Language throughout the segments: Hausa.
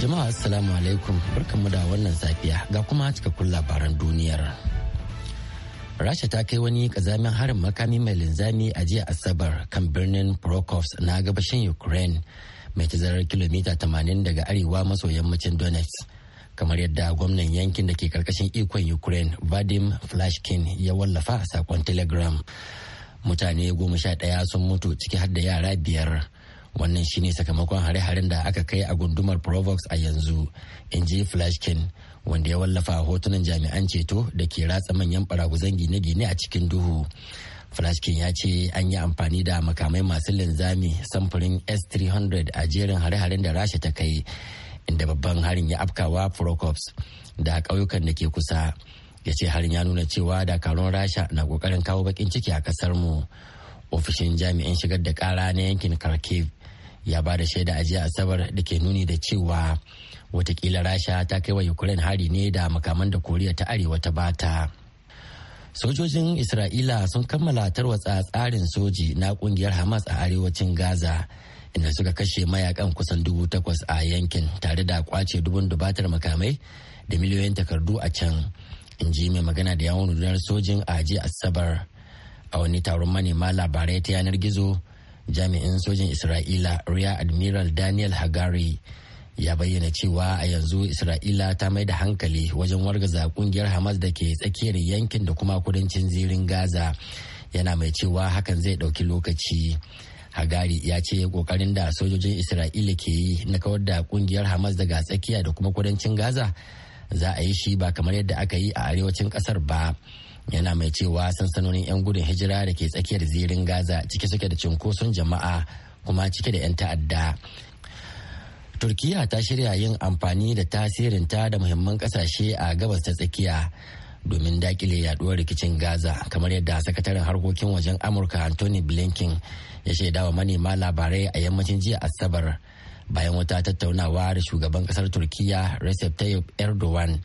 Jama'a Assalamu alaikum barkanmu da wannan safiya ga kuma cikakkun labaran duniyar. Rasha ta kai wani kazamin harin makami mai linzami a jiya Asabar kan birnin Prokofs na gabashin Ukraine mai tazarar kilomita 80 daga arewa maso yammacin Donetsk. kamar yadda gwamnan yankin da ke karkashin ikon Ukraine Vadim Flashkin ya wallafa a sakon Telegram. Mutane goma sha ɗaya sun mutu ciki har da yara biyar. wannan shine sakamakon hare-haren da aka kai a gundumar provox a yanzu in ji flashkin wanda ya wallafa hotunan jami'an ceto da ke ratsa manyan baraguzan gine-gine a cikin duhu flashkin ya ce an yi amfani da makamai masu linzami samfurin s-300 a jerin hare-haren da rasha ta kai inda babban harin ya afkawa prokops da ƙauyukan da ke kusa ya ce harin ya nuna cewa dakarun rasha na kokarin kawo bakin ciki a ƙasar mu ofishin jami'in shigar da kara na yankin kharkiv ya ba da shaida a jiya asabar da ke nuni da cewa watakila rasha ta kai wa ukraine hari ne da makaman da koriya ta arewa ta bata sojojin isra'ila sun kammala tarwatsa tsarin soji na kungiyar hamas a arewacin gaza inda suka kashe mayakan kusan dubu takwas a yankin tare da kwace dubun dubatar makamai da miliyoyin takardu a can in ji mai magana da yawon rundunar sojin a asabar a wani taron manema labarai ta yanar gizo jami'in sojin isra'ila rear admiral daniel hagari ya bayyana cewa a yanzu isra'ila ta mai da hankali wajen wargaza kungiyar hamas da ke tsakiyar yankin da kuma kudancin zirin gaza yana mai cewa hakan zai ɗauki lokaci hagari ya ce kokarin da sojojin isra'ila ke yi na kawar da kungiyar hamas daga tsakiya da kuma kudancin gaza za a yi shi ba kamar yadda aka yi a arewacin kasar ba yana mai cewa sansanonin 'yan gudun hijira da ke tsakiyar zirin gaza cike suke da cunkoson jama'a kuma cike da 'yan ta'adda turkiya ta shirya yin amfani da tasirinta da muhimman kasashe a gabas ta tsakiya domin dakile yaduwar rikicin gaza kamar yadda sakataren harkokin wajen amurka anthony blinken ya shaidawa manema labarai a yammacin jiya asabar bayan wata tattaunawa da shugaban kasar turkiya recep tayyip erdogan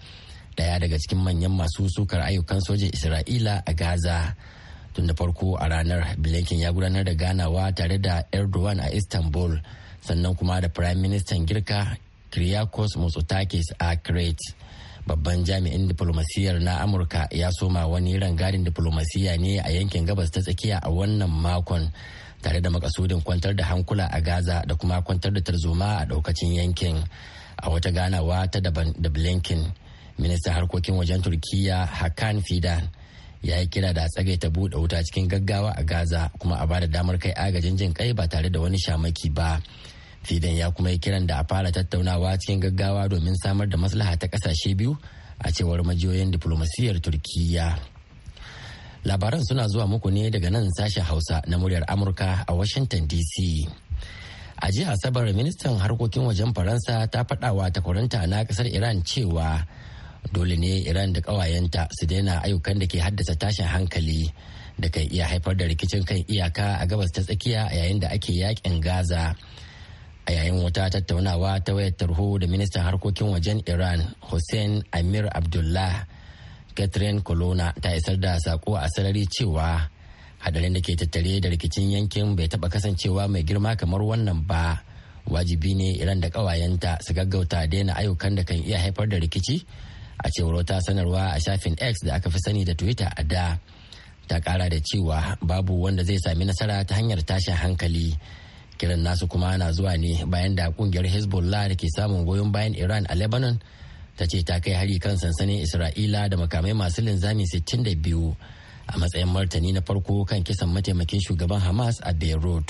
daya daga cikin manyan masu sukar ayyukan sojin isra'ila a gaza tun da farko a ranar blinken ya gudanar da ganawa tare da erdogan a istanbul sannan kuma da prime minister girka kiriakos motsotakis a crete babban jami'in diplomasiyar na amurka ya soma wani rangadin diplomasiya ne a yankin gabas ta tsakiya a wannan makon tare da makasudin kwantar da hankula a gaza da kuma kwantar da tarzoma a daukacin yankin a wata ganawa ta daban da blinken ministan harkokin wajen turkiya hakan fidan ya yi kira da a tsagaita buɗe wuta cikin gaggawa a gaza kuma a bada damar kai agajin jin kai ba tare da wani shamaki ba fidan ya kuma yi kiran da a fara tattaunawa cikin gaggawa domin samar da maslaha ta kasashe biyu a cewar majiyoyin diflomasiyyar turkiyya. labaran suna zuwa muku ne daga nan sashen hausa na muryar amurka a washington dc a jiya asabar ministan harkokin wajen faransa ta faɗawa takwaranta na ƙasar iran cewa dole ne iran da kawayenta su daina ayyukan da ke haddasa tashin hankali da kan iya haifar da rikicin kan iyaka a gabas ta tsakiya a yayin da ake yakin gaza a yayin wata tattaunawa ta wayar tarho da ministan harkokin wajen iran hussein amir abdullah catherine colonna ta isar da sako a sarari cewa hadarin da ke tattare da rikicin yankin bai taɓa kasancewa mai girma kamar wannan ba wajibi ne iran da kawayenta su gaggauta daina ayyukan da kan iya haifar da rikici a cewar wata sanarwa a shafin x da aka fi sani da twitter a da ta kara da cewa babu wanda zai sami nasara ta hanyar tashin hankali kiran nasu kuma na zuwa ne bayan da kungiyar hezbollah da ke samun goyon bayan iran a lebanon ta ce ta kai hari kan sansanin isra'ila da makamai masu linzami 62 a matsayin martani na farko kan kisan mataimakin shugaban hamas a beirut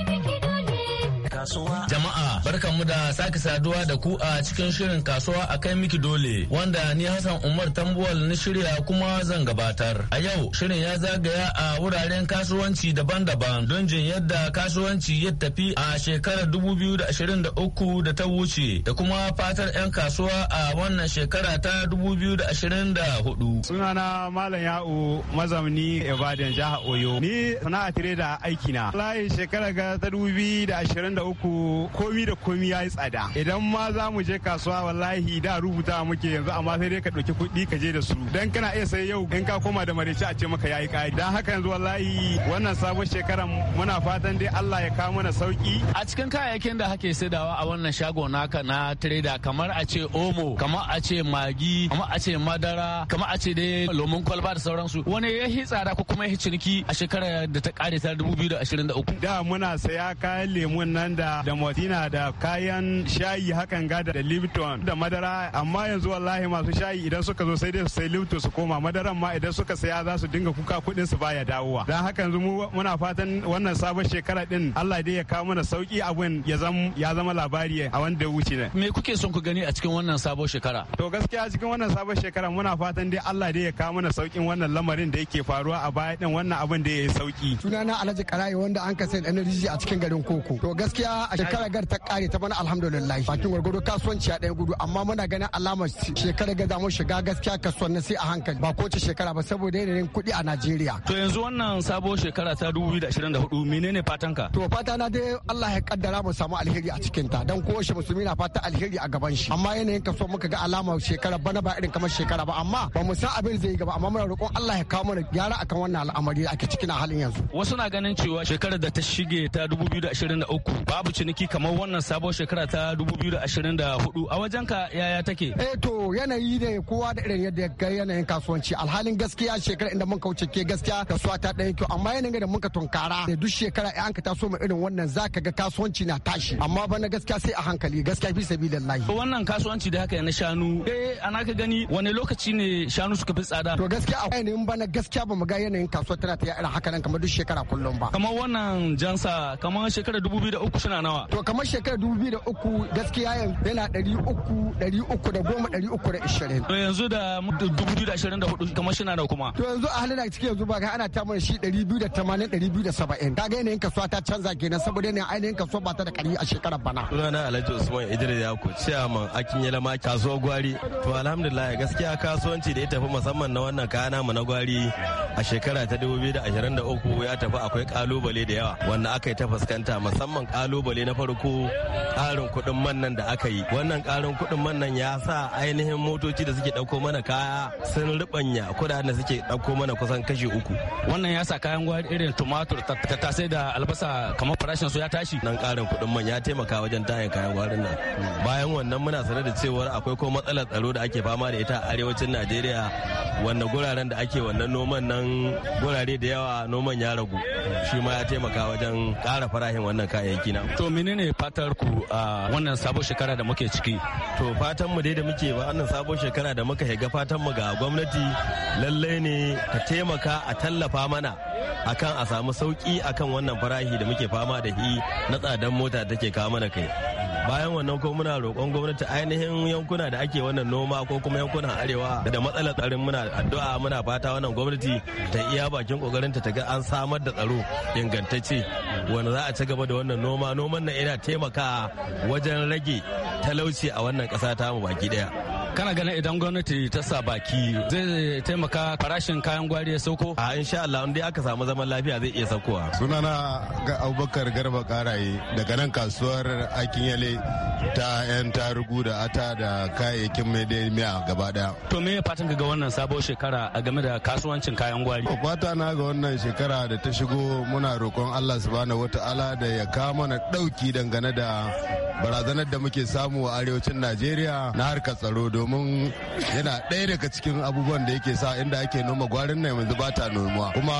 kasuwa. Jama'a barkanmu da sake saduwa da ku a cikin shirin kasuwa a kai miki dole wanda ni Hassan Umar Tambuwal na shirya kuma zan gabatar. A yau shirin ya zagaya a wuraren kasuwanci daban-daban don jin yadda kasuwanci ya tafi a shekarar 2023 da ta wuce da kuma fatar 'yan kasuwa a wannan shekara ta 2024. Sunana Malam Ya'u mazamni Ibadan jihar Oyo. Ni sana'a tire da aikina. Layin shekara ga ta 2023 muku komi da komi ya yi tsada idan ma za mu je kasuwa wallahi da rubuta muke yanzu amma sai dai ka ɗauki kuɗi ka je da su dan kana iya sai yau in ka koma da mareci a ce maka ya yi ƙari dan haka yanzu wallahi wannan sabon shekaran muna fatan dai Allah ya kawo mana sauki a cikin kayayyakin da hake saidawa a wannan shago naka na trader kamar a ce omo kamar a ce magi kamar a ce madara kamar a ce dai lomun kwalba da sauransu wani ya yi tsada ko kuma ya ciniki a shekarar da ta kare ta 2023 da muna saya kayan lemun nan da da motina da kayan shayi hakan ga da lipton da madara amma yanzu wallahi masu shayi idan suka zo sai dai su sai lipton su koma madaran ma idan suka saya za su dinga kuka kudin su baya dawowa dan haka yanzu mu muna fatan wannan sabon shekara din Allah dai ya kawo mana sauki abin ya zama ya zama labari a wanda ya wuce ne me kuke son ku gani a cikin wannan sabon shekara to gaskiya cikin wannan sabon shekara muna fatan dai Allah dai ya kawo mana saukin wannan lamarin da yake faruwa a baya din wannan abin da ya yi sauki sunana Alhaji Karayi wanda an kasa energy a cikin garin Koko to gaskiya gaskiya a shekara gar ta kare ta bana alhamdulillah bakin gwargwado kasuwanci a ɗaya gudu amma muna ganin alamar shekara ga zamu shiga gaskiya kasuwan sai a hankali ba kowace shekara ba saboda yanayin kuɗi a Najeriya. To yanzu wannan sabuwar shekara ta 2024 menene fatanka? To fata na dai Allah ya kaddara mu samu alheri a cikin ta dan kowace musulmi na fata alheri a gaban shi amma yanayin kasuwan muka ga alamar shekara bana ba irin kamar shekara ba amma ba mu san abin zai gaba amma muna roƙon Allah ya kawo mana gyara akan wannan al'amari ake cikin halin yanzu. Wasu na ganin cewa shekarar da ta shige ta 2023 ba abu ciniki kamar wannan sabon shekara ta 2024 a wajen ka yaya take eh to yanayi da kowa da irin yadda ga yanayin kasuwanci alhalin gaskiya shekara inda mun kauce ke gaskiya kasuwa ta ɗaya kyau amma yanayin da muka tunkara da duk shekara an ka taso mu irin wannan zaka ga kasuwanci na tashi amma bana gaskiya sai a hankali gaskiya fi sabilillahi to wannan kasuwanci da haka na shanu eh ana ka gani wani lokaci ne shanu suka fi tsada to gaskiya a ba na gaskiya ba mu ga yanayin kasuwa tana ta irin haka nan kamar duk shekara kullum ba kamar wannan jansa kamar shekara 2003 suna nawa to kamar shekarar dubu biyu da uku gaskiya yana ɗari uku ɗari uku da goma ɗari uku da ishirin to yanzu da dubu biyu da ashirin da hudu kamar shi na da kuma to yanzu a halin da cikin yanzu ba ga ana ta shi ɗari biyu da tamanin ɗari biyu da saba'in ga yanayin kasuwa ta canza kenan saboda yanayin ainihin kasuwa ba ta da ƙari a shekarar bana sunana alhaji usman idris yako ciyaman akinyela ma kasuwar gwari to alhamdulillah gaskiya kasuwanci da ya tafi musamman na wannan kaya mu na gwari a shekara ta uku ya tafi akwai kalubale da yawa wanda aka yi ta fuskanta musamman kalubale kalubale na farko ƙarin kuɗin man nan da aka yi wannan ƙarin kuɗin man nan ya sa ainihin motoci da suke ɗauko mana kaya sun ribanya kuɗaɗen da suke ɗauko mana kusan kashi uku wannan ya sa kayan gwari irin tumatur tattasai da albasa kamar farashin su ya tashi nan ƙarin kuɗin man ya taimaka wajen tayin kayan gwarin nan bayan wannan muna sanar da cewar akwai ko matsalar tsaro da ake fama da ita a arewacin najeriya wannan guraren da ake wannan noman nan gurare da yawa noman ya ragu shi ma ya taimaka wajen ƙara farahin wannan kayayyaki na kenan to menene fatar ku a wannan sabon shekara da muke ciki to fatan mu dai da muke ba wannan sabon shekara da muka shiga fatan mu ga gwamnati lallai ne ta taimaka a tallafa mana akan a samu sauki akan wannan farahi da muke fama da shi na tsadan mota take kawo mana kai bayan wannan ko muna roƙon gwamnati ainihin yankuna da ake wannan noma ko kuma yankunan arewa da matsalar tsarin muna addu'a muna fata wannan gwamnati ta iya bakin kokarinta ta ga an samar da tsaro ingantacce wanda za a ci gaba da wannan noma noman nan yana taimaka wajen rage talauci a wannan ƙasa ta mu baki daya kana ganin idan gwamnati ta sa baki zai taimaka farashin kayan gwari ya sauko a insha Allah in aka samu zaman lafiya zai iya saukowa sunana ga Abubakar Garba Karaye daga nan kasuwar Yale ta yan tarugu da ata da kayayyakin mai miya gaba daya to me fatan ga wannan sabo shekara a game da kasuwancin kayan gwari fata na ga wannan shekara da ta shigo muna roƙon Allah subhanahu wataala da ya kawo mana dauki dangane da barazanar da muke samu a arewacin Najeriya na harkar tsaro domin yana ɗaya daga cikin abubuwan da yake sa inda ake noma gwarin na yanzu ba ta nomuwa kuma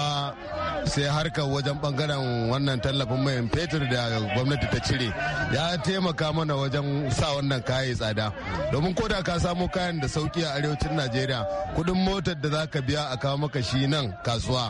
sai harkar wajen bangaren wannan tallafin mai fetur da gwamnati ta cire ya taimaka mana wajen sa wannan kayan tsada domin ko da ka samo kayan da sauki a arewacin najeriya kudin motar da za ka biya a kawo maka shi nan kasuwa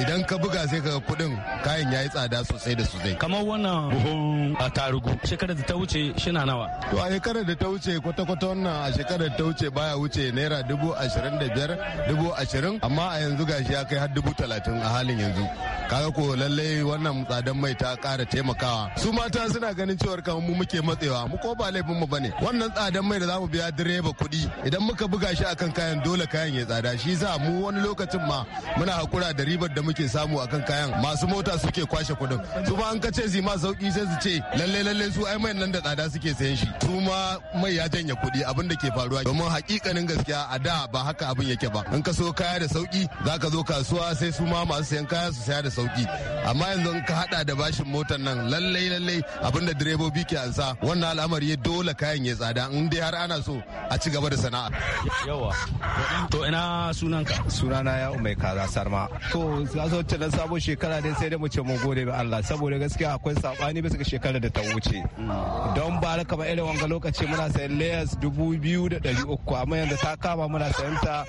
idan ka buga sai ka kudin kayan ya yi tsada sosai da sosai kamar wannan buhun a tarugu shekarar da ta wuce shina nawa to a shekarar da ta wuce kwata-kwata wannan a shekarar ta wuce baya wuce naira dubu ashirin da biyar dubu ashirin amma a yanzu gashi ya kai har dubu talatin a halin yanzu kaga ko lallai wannan tsadan mai ta kara taimakawa su mata suna ganin cewar kamar mu muke matsewa mu ko ba laifin mu bane wannan tsadan mai da zamu biya direba kuɗi idan muka buga shi akan kayan dole kayan ya tsada shi sa mu wani lokacin ma muna hakura da ribar da muke samu akan kayan masu mota suke kwashe kuɗin su ma an ka ce ma sauki sai su ce lalle lalle su ai mai nan da tsada suke sayen shi su ma mai ya janye kuɗi abin da ke faruwa domin hakikanin gaskiya a da ba haka abin yake ba in ka so kaya da sauki zaka zo kasuwa sai su ma masu sayan kaya su saya da sauki amma yanzu in ka hada da bashin motar nan lallai lallai abinda direbobi ke ansa wannan al'amari ya dole kayan ya tsada in dai har ana so a ci gaba da sana'a yawa to ina sunanka sunana ya umai kaza sarma to za su wacce na sabon shekara dai sai da mu ce mu gode ba Allah saboda gaskiya akwai sabani bisa ga shekarar da ta wuce mm. don ba kamar irin wanga lokaci muna sayan layers dubu biyu da 300 uku amma yanzu ta kama muna sayan ta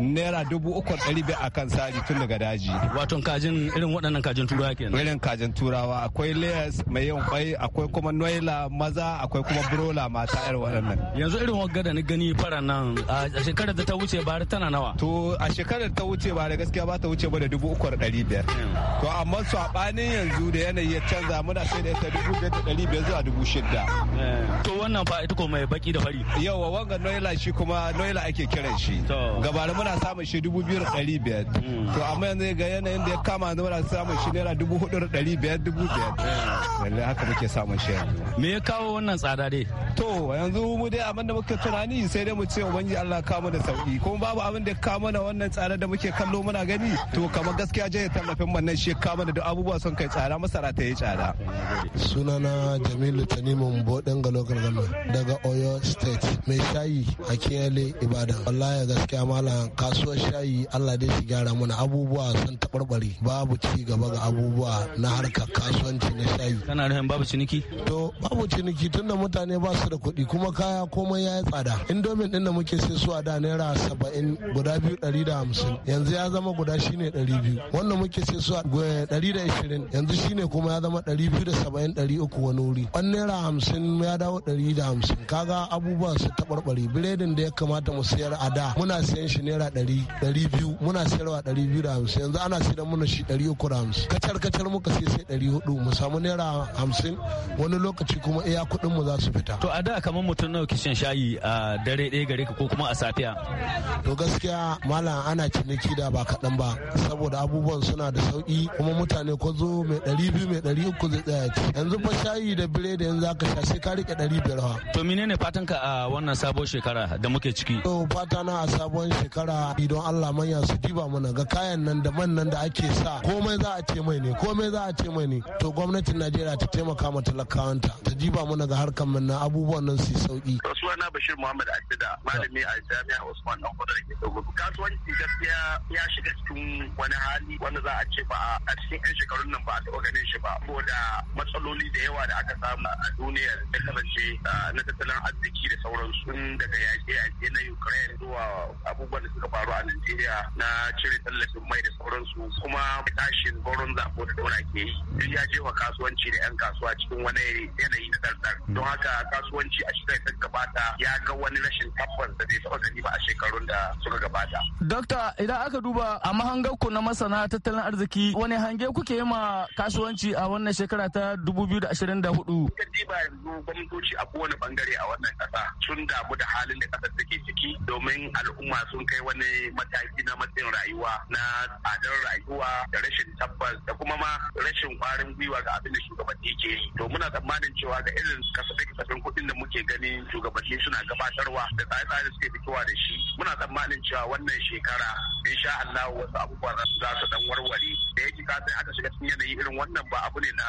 naira dubu uku dari biyar kan sari tun daga daji. Wato kajin irin waɗannan kajin turawa kenan. Irin kajin turawa akwai layers mai yin kwai akwai kuma noila maza akwai kuma brola mata irin waɗannan. Yanzu irin wagga da ni gani fara nan a shekarar da ta wuce ba tana nawa. To a shekarar da ta wuce ba da gaskiya ba ta wuce ba da dubu uku dari biyar. To amma saɓanin yanzu da yanayi ya canza muna sai da ita dubu biyar da dari biyar zuwa dubu shida. Eh. To wannan fa ita ko mai baki da fari. Yawa wanga noila noila shi kuma noila ake kiran shi gabara muna samun shi dubu biyu da ɗari biyar mm. to amma yanzu ga yanayin da ya kama da muna samun shi naira dubu hudu da ɗari biyar dubu biyar lallai haka muke samun shi me ya kawo wannan tsada dai to yanzu mu dai abin da muke tunani sai dai mu ce ubangiji Allah kawo da sauki kuma babu abin da kawo mana wannan tsada da muke kallo muna gani to kamar gaskiya jaya tallafin man nan shi kawo mana da abubuwa sun kai tsada masara ta yi tsada sunana Jamilu Tanimun Bodenga Local Government daga Oyo State mai shayi a kiyale ibadan wallahi gaskiya malam kasuwar shayi allah dai shi gyara mana abubuwa sun taɓarɓare babu ci gaba ga abubuwa na harkar kasuwanci na shayi kana rahin babu ciniki to babu ciniki tunda mutane ba su da kuɗi kuma kaya komai ya yi tsada indomin ɗin da muke sai su a da naira saba'in guda biyu ɗari da hamsin yanzu ya zama guda shine ɗari biyu wanda muke sai su a ɗari da ishirin yanzu shine kuma ya zama ɗari biyu da saba'in ɗari uku wani wuri wani naira hamsin ya dawo ɗari da hamsin kaga abubuwa su taɓarɓare biredin da ya kamata mu sayar a da muna sayan shi naira ɗari ɗari biyu muna sayarwa ɗari biyu da hamsin yanzu ana sayar muna shi ɗari uku da hamsin kacar kacar muka sai sai ɗari hudu mu samu naira hamsin wani lokaci kuma iya kuɗin mu za su fita. to a da kamar mutum nawa shan shayi a dare ɗaya gare ka ko kuma a safiya. to gaskiya malam ana ciniki da ba kaɗan ba saboda abubuwan suna da sauƙi kuma mutane ko zo mai ɗari biyu mai ɗari uku zai tsaya ci yanzu fa shayi da biredi yanzu aka sha sai ka riƙe ɗari biyar. to menene fatan ka a wannan sabon shekara. shekara da muke ciki. To fata na a sabon shekara idan Allah manya su diba mana ga kayan nan da man nan da ake sa komai za a ce mai ne komai za a ce mai ne to gwamnatin Najeriya ta taimaka ma talakawanta ta diba mana ga harkan mun na abubuwan nan su sauki. Kasuwana Bashir Muhammad Adida malami a Jami'a Usman Dan Kudu Kasuwanci gaskiya ya shiga cikin wani hali wanda za a ce ba a cikin 'yan shekarun nan ba a taɓa ganin shi ba saboda matsaloli da yawa da aka samu a duniyar da kasance ah, na tattalin arziki da sauransu da da yaƙe-yaƙe na Ukraine zuwa abubuwan da suka faru a nigeria na cire tallafin mai da sauransu kuma tashin goron zaɓo da dora ke yi duk ya jefa kasuwanci da 'yan kasuwa cikin wani yanayi na tsardar. Don haka kasuwanci a shekarar ta gabata ya ga wani rashin tabbas da bai taɓa gani ba a shekarun da suka gabata. Dokta idan aka duba a mahangar ku na masana tattalin arziki wani hange kuke yi ma kasuwanci a wannan shekara ta 2024? ba yanzu gwamnatoci a kowane bangare a wannan ƙasa sun damu da halin da kasar take ciki domin al'umma sun kai wani mataki na matsin rayuwa na tsadar rayuwa da rashin tabbas da kuma ma rashin kwarin gwiwa ga abin da shugabanni ke yi to muna tsammanin cewa ga irin kasafin kasafin kuɗin da muke ganin shugabanni suna gabatarwa da tsare-tsare suke fitowa da shi muna tsammanin cewa wannan shekara insha Allah wasu abubuwa za su dan warware da yake ka sai aka shiga cikin yanayi irin wannan ba abu ne na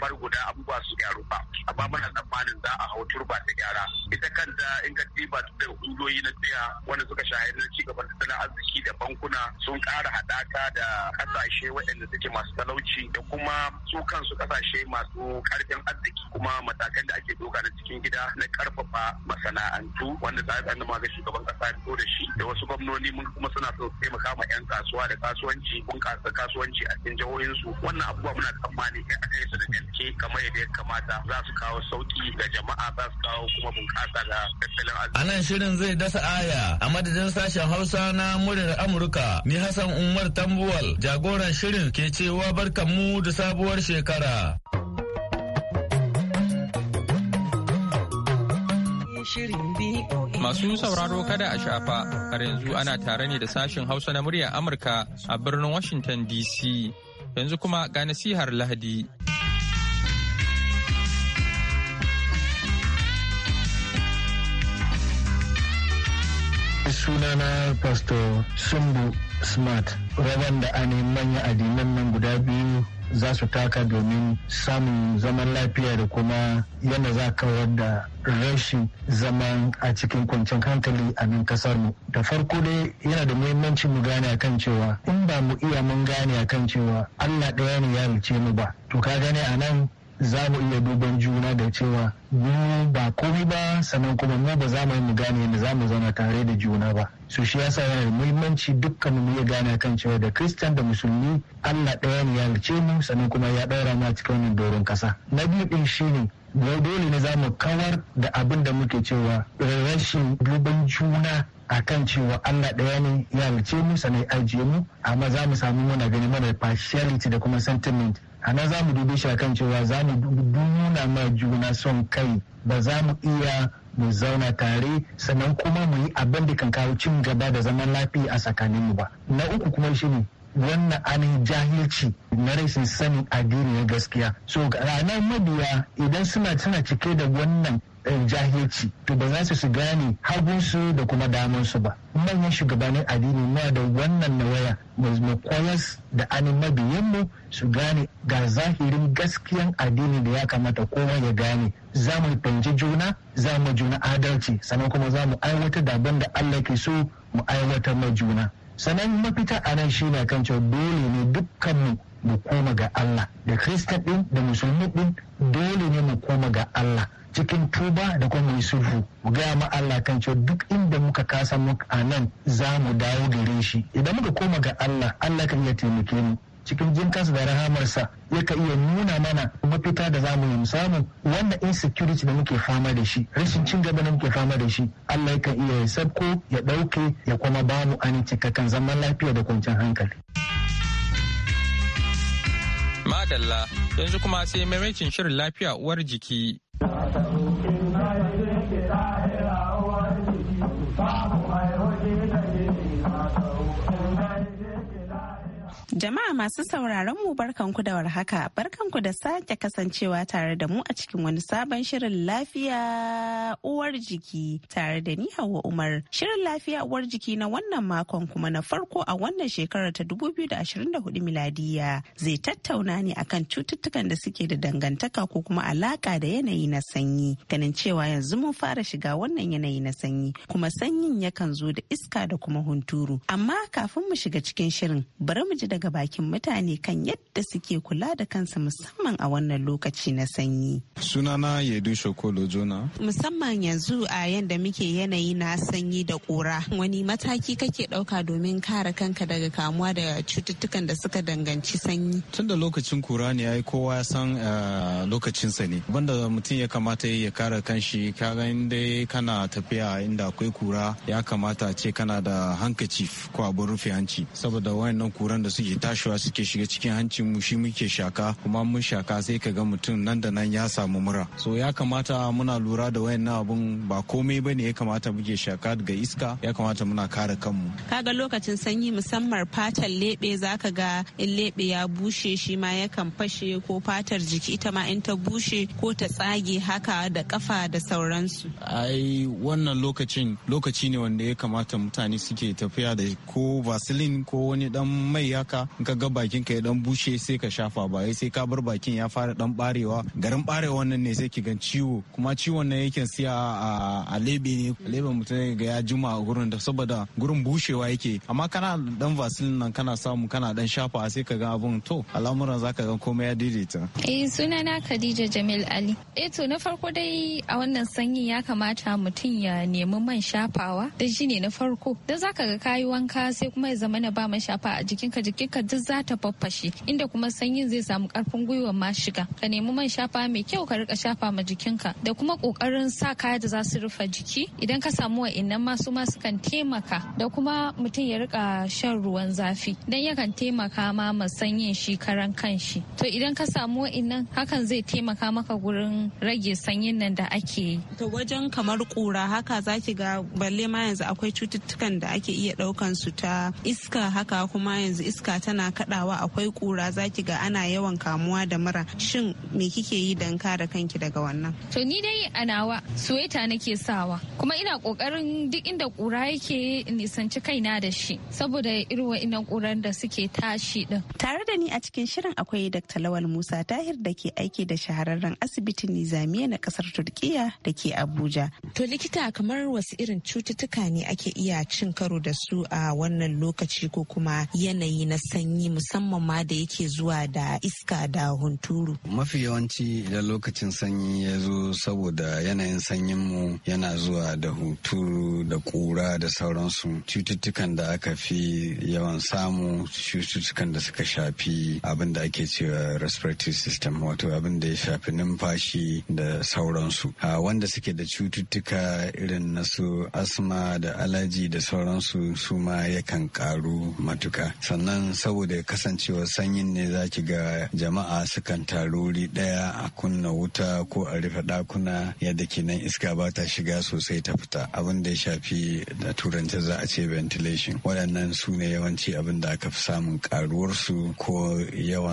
farguda eh, abubuwa su gyaru ba amma muna tsammanin za a hau turba ta gyara ita kanta in ka ba da kungiyoyi na tsaya wanda suka shahari na cigaban tattalin arziki da bankuna sun ƙara haɗaka da ƙasashe waɗanda suke masu talauci da kuma su kansu ƙasashe masu ƙarfin arziki kuma matakan da ake doka na cikin gida na ƙarfafa masana'antu wanda a tsaren da maga shugaban ƙasa ya da shi da wasu gwamnoni mun kuma suna so taimaka ma 'yan kasuwa da kasuwanci bunƙasa kasuwanci a cikin jihohinsu wannan abubuwa muna tsammani in aka yi su da gaske kamar yadda ya kamata za su kawo sauƙi ga jama'a za su kawo kuma bunƙasa ga tattalin arziki. anan shirin zai dasa aya a madadin sashen Hausa na muryar Amurka. Ni Hassan Umar Tambuwal jagoran shirin ke cewa barkanmu da sabuwar shekara. Masu sauraro kada a shafa, har yanzu ana tare ne da sashen Hausa na muryar Amurka a birnin Washington DC. Yanzu kuma ga nasihar Lahadi. sunana pastor sumbu smart rawan da ane manyan addinan nan guda biyu za su taka domin samun zaman lafiya da kuma yadda za kawar da rashin zaman a cikin kwanciyar hankali a nan kasar mu da farko dai yana da muhimmanci mu gane a kan cewa in ba mu iya mun gane a kan cewa allah ɗaya ne ya rice mu ba to ka gane a nan za mu iya duban juna da cewa mu ba komi ba sannan kuma mu ba za mu mu gane yadda za mu zauna tare da juna ba su shi yasa yana da muhimmanci dukkan mu ya gane kan cewa da kristan da musulmi Allah ɗaya ne ya rice mu sannan kuma ya ɗaura mu a cikin wannan doron kasa na biyu ɗin shine mu dole ne za mu kawar da abin da muke cewa rashin duban juna a kan cewa Allah ɗaya ne ya rice mu sannan ya ajiye mu amma za mu samu muna gani mana partiality da kuma sentiment ana za mu dube shi kan cewa za mu nuna ma juna son kai ba za mu iya mu zauna tare sannan kuma mu yi abin da kan kawo cin gaba da zaman lafiya a tsakaninmu ba na uku kuma shi ne wannan anin jahilci na rashin sanin addini gaskiya so ranar mabiya idan suna cike da wannan Eh, jahilci to ba za su su gane hagunsu da kuma damansu ba manyan shugabannin addini na da wannan nawaya mai koyas da anin mabiyanmu su gane ga zahirin gaskiyan addini da ya kamata kowa ya gane za mu fahimci juna za mu juna adalci sannan kuma za mu aiwatar da abin da Allah ke so mu aiwatar ma juna sannan mafita a nan shine kan cewa dole ne dukkan mu. mu koma ga Allah da kirista ɗin da musulmi ɗin dole ne mu koma ga Allah cikin tuba da kuma yi sulhu mu gaya ma Allah kan cewa duk inda muka kasa mu a nan za mu dawo gare shi idan muka koma ga Allah Allah kan iya taimake mu cikin jin kansa da rahamarsa ya ka iya nuna mana mafita da zamu yi samu wannan insecurity da muke fama da shi rashin cin gaba da muke fama da shi Allah yakan iya ya sabko ya dauke ya kuma bamu anin cikakken zaman lafiya da kwanciyar hankali. Madalla yanzu kuma sai maimakin shirin lafiya uwar jiki. Jama'a masu sauraron mu barkanku da warhaka, barkanku da sake kasancewa tare da mu a cikin wani sabon shirin lafiya uwar jiki tare da ni Hauwa Umar. Shirin lafiya uwar jiki na wannan makon kuma na farko a wannan shekarar ta 2024 miladiya zai tattauna ne akan cututtukan da suke da dangantaka ko kuma alaka da yanayi na sanyi. Ganin cewa yanzu mun fara shiga wannan yanayi na sanyi kuma sanyin yakan zo da iska da kuma hunturu. Amma kafin mu shiga cikin shirin bari mu ji daga daga bakin mutane kan yadda suke kula da kansa musamman a wannan lokaci na sanyi. Sunana Yedu Shokolo Jona. Musamman yanzu a yanda muke yanayi na sanyi da kura wani mataki kake ɗauka domin kare kanka daga kamuwa da cututtukan da suka danganci sanyi. Tun da lokacin kura ne ai kowa ya san eh, lokacin sa ne. Banda mutum ya kamata ya kare kanshi kaga inda kana tafiya inda akwai kura ya kamata ce kana da hankacif ko abin rufe hanci saboda wayannan kuran da suke ke tashiwa suke shiga cikin hancin mu shi muke shaka kuma mun shaka sai ka ga mutum nan da nan ya samu mura so ya kamata muna lura da wayannan abun ba komai bane ya kamata muke shaka daga iska ya kamata muna kare kanmu kaga lokacin sanyi musamman fatar lebe zaka ga in lebe ya bushe shi ma yakan fashe ko fatar jiki ita ma in ta bushe ko ta tsage haka da kafa da sauransu ai wannan lokacin lokaci ne wanda ya kamata mutane suke tafiya da ko vaseline ko wani dan mai haka ka ga bakin ka ya dan bushe sai ka shafa ba sai ka bar bakin ya fara dan barewa garin barewa nan ne sai ki gan ciwo kuma ciwon nan yake siya a lebe ne lebe mutum ga ya juma a gurin da saboda gurin bushewa yake amma kana dan vaseline nan kana samu kana dan shafa sai ka ga abun to al'amuran zaka ga komai ya daidaita eh sunana Khadija Jamil Ali eh to na farko dai a wannan sanyi ya kamata mutum ya nemi man shafawa da shi ne na farko dan zaka ga kayi wanka sai kuma ya zama na ba man shafa a jikinka jikin haka duk za ta faffashe inda kuma sanyin zai samu karfin gwiwa ma shiga ka nemi man shafa mai kyau ka rika shafa ma jikinka da kuma kokarin sa kaya da za su rufe jiki idan ka samu wa'annan masu ma kan taimaka da kuma mutum ya rika shan ruwan zafi dan yakan taimaka ma ma sanyin shi karan kanshi to idan ka samu wa'annan hakan zai taimaka maka gurin rage sanyin nan da ake yi to wajen kamar kura haka zaki ga balle ma yanzu akwai cututtukan da ake iya daukan su ta iska haka kuma yanzu iska tana kadawa akwai kura zaki ga ana yawan kamuwa da mura shin me kike yi dan kare kanki daga wannan to ni dai a nawa suweta nake sawa kuma ina kokarin duk inda kura yake nisanci kaina da shi saboda irin wa'innan kuran da suke tashi din tare da ni a cikin shirin akwai dr lawal musa tahir da ke aiki da shahararren asibitin nizamiya na kasar turkiya da ke abuja to likita kamar wasu irin cututtuka ne ake iya cin karo da su a wannan lokaci ko kuma yanayi na sanyi musamman ma da yake zuwa da iska da hunturu. Mafi yawanci idan lokacin sanyi ya zo saboda yanayin sanyin mu yana zuwa da hunturu da kura da sauransu cututtukan da aka fi yawan samu cututtukan da suka shafi abin da ake cewa respiratory system wato abin da ya shafi numfashi da sauransu. Wanda suke da cututtuka irin na su asma da alaji da sauransu su ma yakan karu matuka sannan saboda kasancewa sanyin ne za ki ga jama'a sukan taru wuri ɗaya a kunna wuta ko a rufe ɗakuna yadda nan iska ba ta shiga sosai ta fita abin da ya shafi da turanci za a ce ventilation waɗannan su ne yawanci abin da aka fi samun karuwarsu ko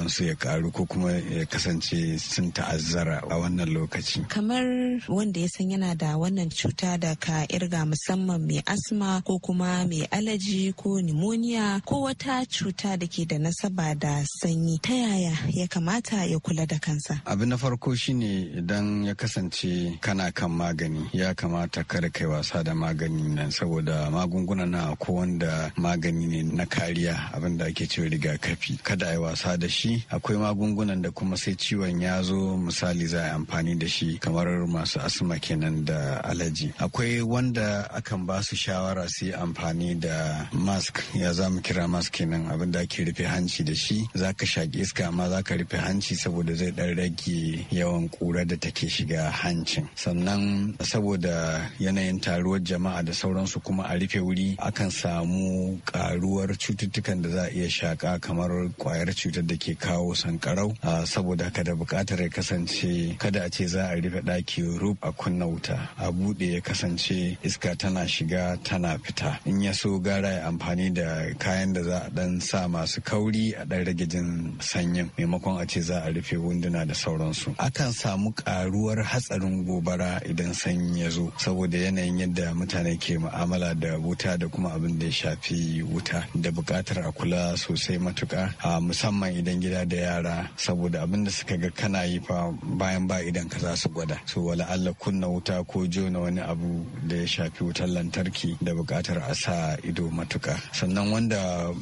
su ya karu ko kuma ya kasance sun ta'azzara a wannan lokaci kamar wanda ya san yana da wannan cuta da ka irga musamman mai asma ko kuma mai alaji ko nimoniya ko wata cuta da ke da nasaba da sanyi ta yaya ya kamata ya kula da kansa abin na farko shine idan ya kasance kana kan magani ya kamata kada kai wasa da magani nan saboda magunguna na ko wanda magani ne na kariya abin da ake cewa rigakafi kada a yi wasa da shi akwai magungunan da kuma sai ciwon ya zo misali za a yi amfani da shi kamar masu asma kenan da alaji akwai wanda akan ba su shawara su yi amfani da mask ya za mu kira mask kenan abin da ake rufe hanci da shi za ka iska amma zaka rufe hanci saboda zai ɗan rage yawan ƙura da take shiga hancin sannan saboda yanayin taruwar jama'a da sauransu kuma a rufe wuri akan samu ƙaruwar cututtukan da za a iya shaƙa kamar kwayar cutar da ke kawo sankarau saboda haka da buƙatar ya kasance kada a ce za a rufe ɗaki rub a kunna wuta a buɗe ya kasance iska tana shiga tana fita in ya so gara ya amfani da kayan da za a ɗan sa masu kauri a ɗan rage jin sanyin maimakon a ce za a rufe wunduna da sauransu akan samu ƙaruwar hatsarin gobara idan sanyi ya zo saboda yanayin yadda mutane ke mu'amala da wuta da kuma abin da ya shafi wuta da buƙatar a kula sosai matuƙa musamman idan gida da yara saboda abin da suka ga kana yi fa bayan ba idan ka za su gwada so wala Allah kunna wuta ko jona wani abu da ya shafi wutar lantarki da buƙatar a sa ido matuƙa sannan wanda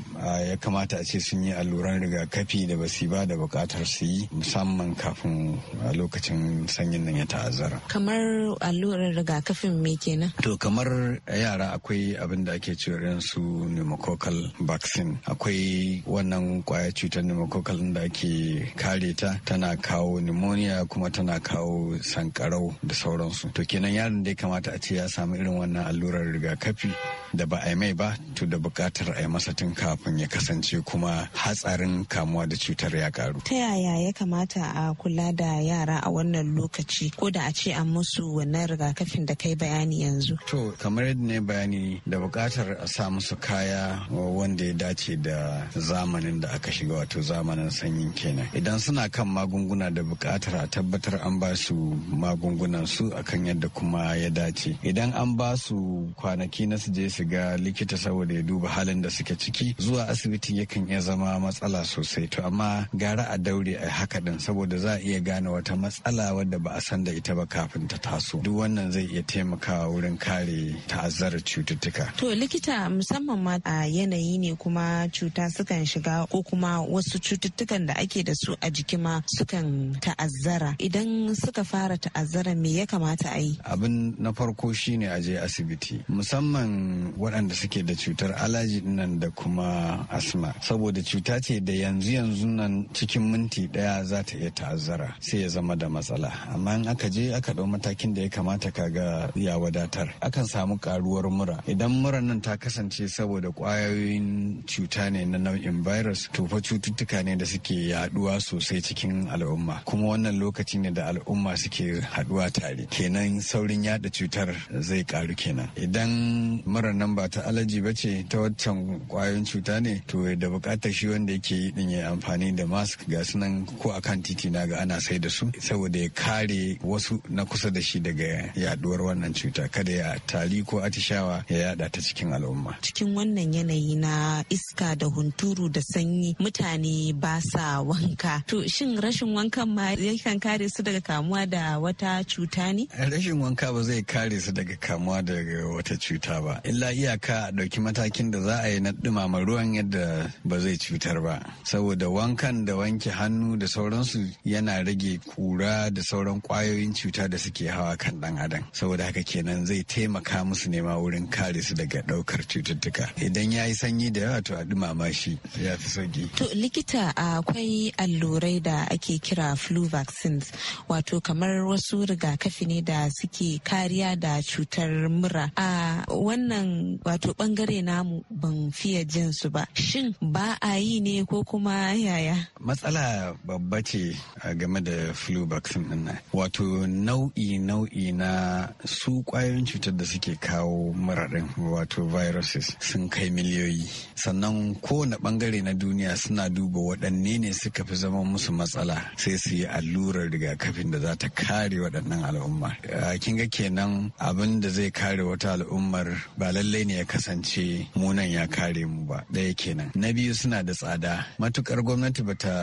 ya kama. kamata a ce sun yi alluran rigakafi da basu ba da bukatar su yi musamman kafin a lokacin sanyin nan ya ta'azzara kamar alluran rigakafin me kenan to kamar yara akwai abin da ake cewa su pneumococcal vaccine akwai wannan kwayar cutar pneumococcal da ake kare ta tana kawo pneumonia kuma tana kawo sankarau da sauransu to kenan yaron da ya kamata a ce ya samu irin wannan allurar rigakafi da ba a yi mai ba to da bukatar a yi masa tun kafin ya kasance sai kuma hatsarin kamuwa da cutar ya karu ta yaya ya kamata a kula da yara a wannan lokaci ko da a ce an musu wannan rigakafin da kai bayani yanzu to kamar yadda ne bayani da bukatar a sa musu kaya wanda ya dace da zamanin da aka shiga wato zamanin sanyin kenan idan suna kan magunguna da bukatar a tabbatar an ba su magungunan su akan yadda kuma ya dace idan an ba su kwanaki na su je su ga likita saboda ya duba halin da suke ciki zuwa asibitin yakan iya zama matsala sosai to amma gara a daure a haka din saboda za a iya gane wata matsala wadda ba a san da ita ba kafin ta taso duk wannan zai iya taimakawa wurin kare ta'azzarar cututtuka to likita musamman ma a yanayi ne kuma cuta sukan shiga ko kuma wasu cututtukan da ake da su a jiki ma sukan ta'azzara idan suka fara ta'azzara me ya kamata a yi abin na farko shine a je asibiti musamman waɗanda suke da cutar alaji nan da kuma asma ba saboda cuta ce da yanzu yanzu nan cikin minti daya za ta iya ta'azzara sai ya zama da matsala amma in aka je aka ɗau matakin da ya kamata ka ga ya wadatar akan samu karuwar mura idan mura nan ta kasance saboda kwayoyin cuta ne na nau'in virus to fa cututtuka ne da suke yaduwa sosai cikin al'umma kuma wannan lokaci ne da al'umma suke haduwa tare kenan saurin yada cutar zai karu kenan idan mura nan ba ta alaji ba ce ta waccan kwayoyin cuta ne to Da bukatar shi wanda yake yi din ya amfani da mask ga sunan ko a kan titi na ga ana sai da su saboda ya kare wasu na kusa da shi daga yaduwar wannan cuta kada ya tali ko atishawa ya yada ta cikin al'umma cikin wannan yanayi na iska da hunturu da sanyi mutane ba sa wanka to shin rashin wankan ma yakan kare su daga kamuwa da wata cuta ne rashin wanka ba zai kare su daga kamuwa daga wata cuta ba illa iyaka a ɗauki matakin da za a yi na dumama ruwan yadda ba zai cutar ba saboda wankan da wanke hannu da sauransu yana rage kura da sauran kwayoyin cuta da suke hawa kan dan adam saboda haka kenan zai taimaka musu nema wurin kare su daga daukar cututtuka idan ya yi sanyi da yawa to a dumama shi ya fi sauki to likita akwai allurai da ake kira flu vaccines wato kamar wasu rigakafi ne da suke kariya da cutar mura a wannan wato bangare namu ban fiye jin su ba shin ba a yi ne ko kuma yaya matsala babba ce game da flu vaccine din nan wato nau'i nau'i na su kwayoyin cutar da suke kawo murarin wato viruses sun kai miliyoyi sannan kowane bangare na duniya suna duba waɗanne ne suka fi zama musu matsala sai su yi allurar rigakafin da za ta kare waɗannan al'umma kin ga kenan abin da zai kare wata al'ummar ba lallai ne ya kasance munan ya kare mu ba ɗaya kenan na biyu suna da tsada matukar gwamnati ba ta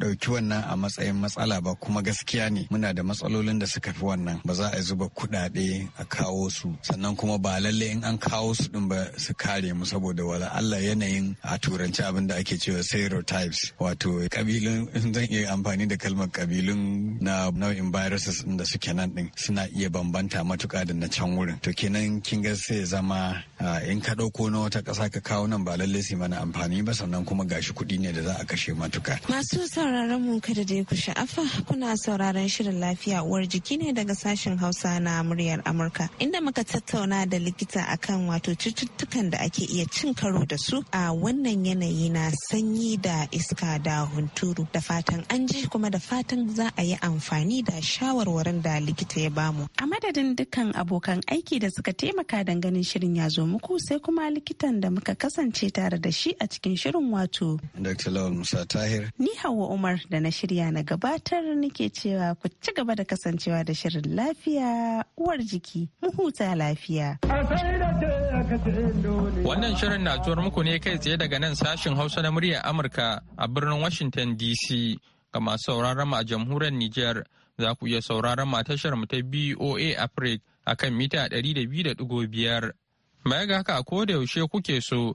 ɗauki wannan a matsayin matsala ba kuma gaskiya ne muna da matsalolin da suka fi wannan ba za a zuba kuɗaɗe a kawo su sannan kuma ba lalle in an kawo su ɗin ba su kare mu saboda wala Allah yanayin a turanci abin da ake cewa stereotypes wato kabilun in zan iya amfani da kalmar kabilun na nau'in viruses ɗin da suke nan ɗin suna iya bambanta matuƙa da na can wurin to kenan kin ga sai zama ah, in ka ɗauko na wata ƙasa ka kawo nan ba lalle su mana amfani ba sannan kuma gashi kuɗi ne da za a kashe matuka. Masu sauraron mu kada dai ku sha'afa kuna sauraron shirin lafiya uwar jiki ne daga sashen Hausa na muryar Amurka inda muka tattauna da likita akan wato cututtukan da ake iya cin karo da su a wannan yanayi na sanyi da iska da hunturu da fatan an ji kuma da fatan za a yi amfani da shawarwarin da likita ya bamu. A madadin dukkan abokan aiki da suka taimaka danganin shirin ya zo muku sai kuma likitan da muka kasance tare da shi a cikin cikin shirin wato. Dr. Lawal Musa Tahir. Ni hawa Umar da na shirya na gabatar nake cewa ku ci gaba da kasancewa da shirin lafiya uwar jiki mu huta lafiya. Wannan shirin na zuwar muku ne kai tsaye daga nan sashin Hausa na muryar Amurka a birnin Washington DC ga masu sauraron mu a jamhuriyar Nijar za ku iya sauraron mu a tashar mu ta BOA Africa akan mita 200.5. Baya ga haka a koda yaushe kuke so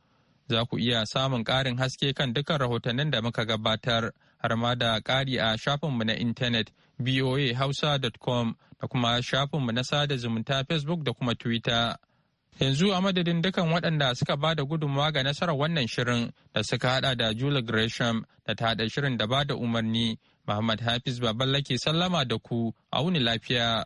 Za ku iya samun ƙarin haske kan dukkan rahotannin da muka gabatar har ma da ƙari a shafinmu na intanet voahausa.com da kuma shafinmu na sada zumunta Facebook da kuma Twitter. Yanzu a madadin dukan waɗanda suka ba da gudunmawa ga nasarar wannan shirin da suka haɗa da Julie Gresham da ta haɗa shirin da ba da umarni, Muhammad Hafiz ke sallama da ku, a wuni lafiya.